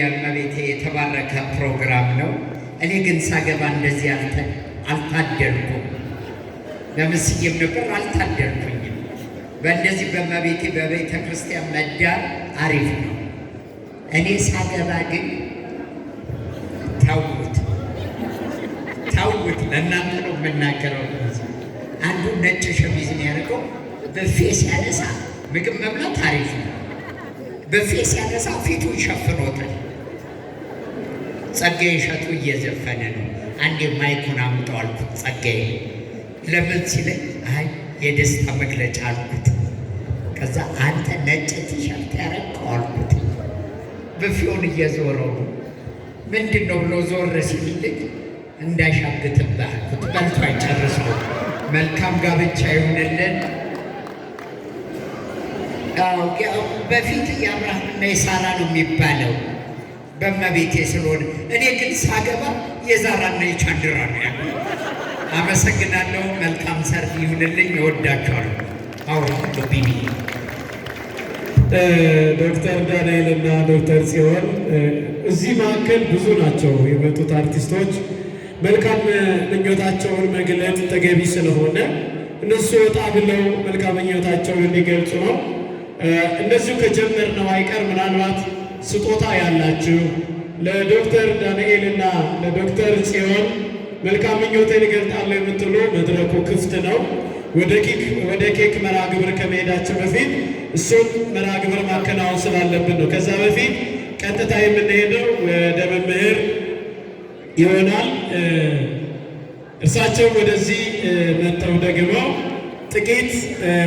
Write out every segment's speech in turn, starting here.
እመቤቴ የተባረከ ፕሮግራም ነው። እኔ ግን ሳገባ እንደዚህ አልታደልኩም። በምስዬም ነበር አልታደልኩኝም። በእንደዚህ በእመቤቴ በቤተ ክርስቲያን መዳር አሪፍ ነው። እኔ ሳገባ ግን ታውት ታውት ለእናንተ ነው የምናገረው። አንዱ ነጭ ሸሚዝ ያደርገው በፌስ ያነሳ ምግብ መብላት አሪፍ ነው። በፌስ ያነሳ ፊቱን ሸፍኖታል። ጸጋዬ እሸቱ እየዘፈነ ነው። አንዴ ማይኩን አምጠው አልኩት ጸጋዬ ለምን ሲለኝ አይ የደስታ መግለጫ አልኩት። ከዛ አንተ ነጭ ቲሸርት ያረቀው አልኩት። በፊውን እየዞረው ነው ምንድን ነው ብሎ ዞር ሲልልኝ እንዳይሻግትብህ አልኩት። በልቶ አይጨርሰው። መልካም ጋብቻ ይሆንልን? በፊት የአብርሃምና የሳራ ነው የሚባለው በመቤቴ ስለሆነ እኔ ግን ሳገባ የዛራና የቻንድራ ነው ያለ። አመሰግናለሁ። መልካም ሰር ይሁንልኝ። ይወዳቸዋል አሁን ቢቢ ዶክተር ዳንኤል እና ዶክተር ጽዮን እዚህ መካከል ብዙ ናቸው የመጡት አርቲስቶች። መልካም ምኞታቸውን መግለጥ ተገቢ ስለሆነ እነሱ ወጣ ብለው መልካም ምኞታቸውን እንዲገልጹ ነው። እንደዚሁ ነው አይቀር ምናልባት ስጦታ ያላችሁ ለዶክተር ዳንኤል እና ለዶክተር ጽዮን መልካም ምኞቴን እገልጣለሁ የምትሉ መድረኩ ክፍት ነው። ወደ ኬክ መርሃ ግብር ከመሄዳችን በፊት እሱም መርሃ ግብር ማከናወን ስላለብን ነው። ከዛ በፊት ቀጥታ የምንሄደው ወደ መምህር ይሆናል። እርሳቸው ወደዚህ መጥተው ደግመው ጥቂት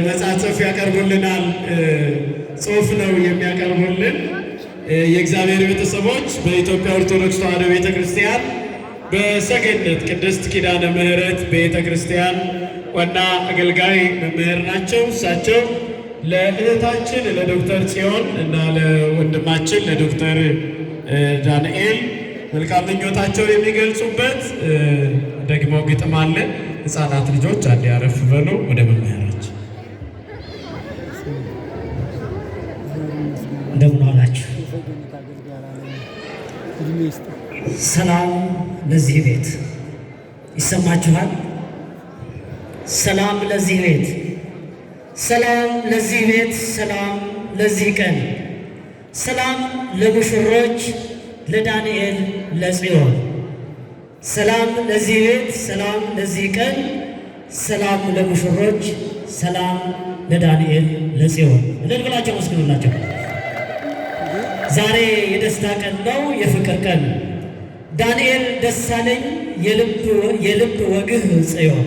መጻጽፍ ያቀርቡልናል። ጽሑፍ ነው የሚያቀርቡልን። የእግዚአብሔር ቤተሰቦች በኢትዮጵያ ኦርቶዶክስ ተዋሕዶ ቤተ ክርስቲያን በሰገነት ቅድስት ኪዳነ ምሕረት ቤተ ክርስቲያን ዋና አገልጋይ መምህር ናቸው። እሳቸው ለእህታችን ለዶክተር ጽዮን እና ለወንድማችን ለዶክተር ዳንኤል መልካም ምኞታቸውን የሚገልጹበት ደግሞ ግጥም አለን። ህፃናት ልጆች አንድ ያረፍ በሉ ወደ መምህራች እንደምን ሰላም ለዚህ ቤት ይሰማችኋል። ሰላም ለዚህ ቤት፣ ሰላም ለዚህ ቤት፣ ሰላም ለዚህ ቀን፣ ሰላም ለሙሽሮች፣ ለዳንኤል፣ ለጽዮን ሰላም ለዚህ ቤት፣ ሰላም ለዚህ ቀን፣ ሰላም ለሙሽሮች፣ ሰላም ለዳንኤል ለጽዮን። እልል መስግኑላቸው። ዛሬ የደስታ ቀን ነው፣ የፍቅር ቀን። ዳንኤል ደሳለኝ የልብ ወግህ ጽዮን፣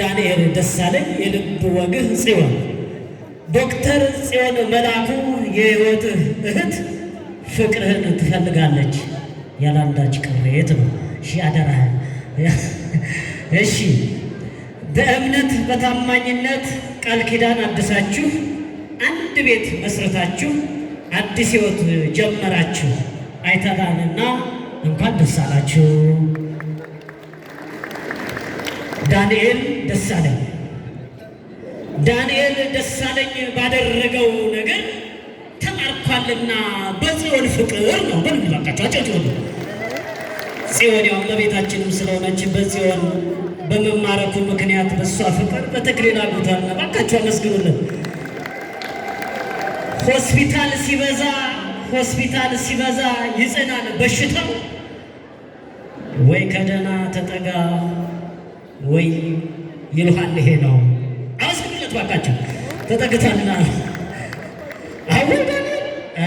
ዳንኤል ደሳለኝ የልብ ወግህ ጽዮን፣ ዶክተር ጽዮን መላኩ የህይወት እህት ፍቅርህን ትፈልጋለች ያላንዳች ቅሬት ነው። እሺ፣ አደራ። እሺ፣ በእምነት በታማኝነት ቃል ኪዳን አድሳችሁ አንድ ቤት መስረታችሁ አዲስ ህይወት ጀመራችሁ አይተናልና እንኳን ደስ አላችሁ። ዳንኤል ደሳለኝ ዳንኤል ደሳለኝ ባደረገው ነገር ተማርኳልና በጽዮን ፍቅር ነው ምን ይላቃቸው ጽዮን ያው ለቤታችንም ስለሆነችበት ጽዮን በመማረኩ ምክንያት በሷ ፍቅር በተክሌላ ቦታ ባካቸው አመስግኑልን። ሆስፒታል ሲበዛ ሆስፒታል ሲበዛ ይጽናል በሽታው ወይ ከደና ተጠጋ ወይ ይልሃል። ይሄ ነው አመስግኑለት ባካቸው ተጠግታልና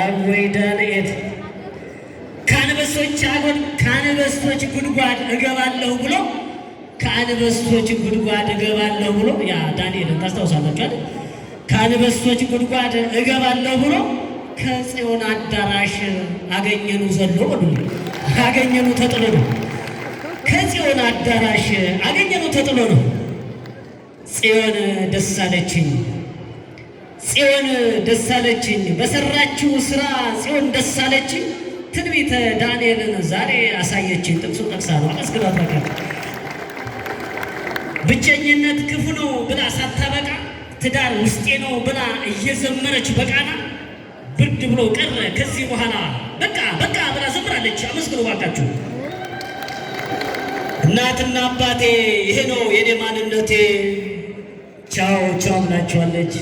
አወይ ዳንኤል ከአንበሶች አገር ከአንበሶች ጉድጓድ እገባለሁ ብሎ ከአንበሶች ጉድጓድ እገባለሁ ብሎ ያ ዳንኤል ታስታውሳላችሁ አይደል? ከአንበሶች ጉድጓድ እገባለሁ ብሎ ከጽዮን አዳራሽ አገኘኑ ዘሎ አገኘኑ ተጥሎ ነው። ከጽዮን አዳራሽ አገኘኑ ተጥሎ ነው። ጽዮን ደስ አለችኝ፣ ጽዮን ደስ አለችኝ፣ በሰራችው ስራ ጽዮን ደስ አለችኝ። ትንቢተ ዳንኤልን ዛሬ አሳየችኝ። ጥቅሱ ጠቅሳ ነው አመስግናት። በቃ ብቸኝነት ክፉ ነው ብላ ሳታበቃ ትዳር ውስጤ ነው ብላ እየዘመረች በቃና ብርድ ብሎ ቀረ። ከዚህ በኋላ በቃ በቃ ብላ ዘምራለች። አመስግኑ ባካችሁ። እናትና አባቴ ይሄ ነው የኔ ማንነቴ። ቻው ቻው ብላችኋለች።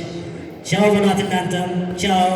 ቻው በናት እናንተም ቻው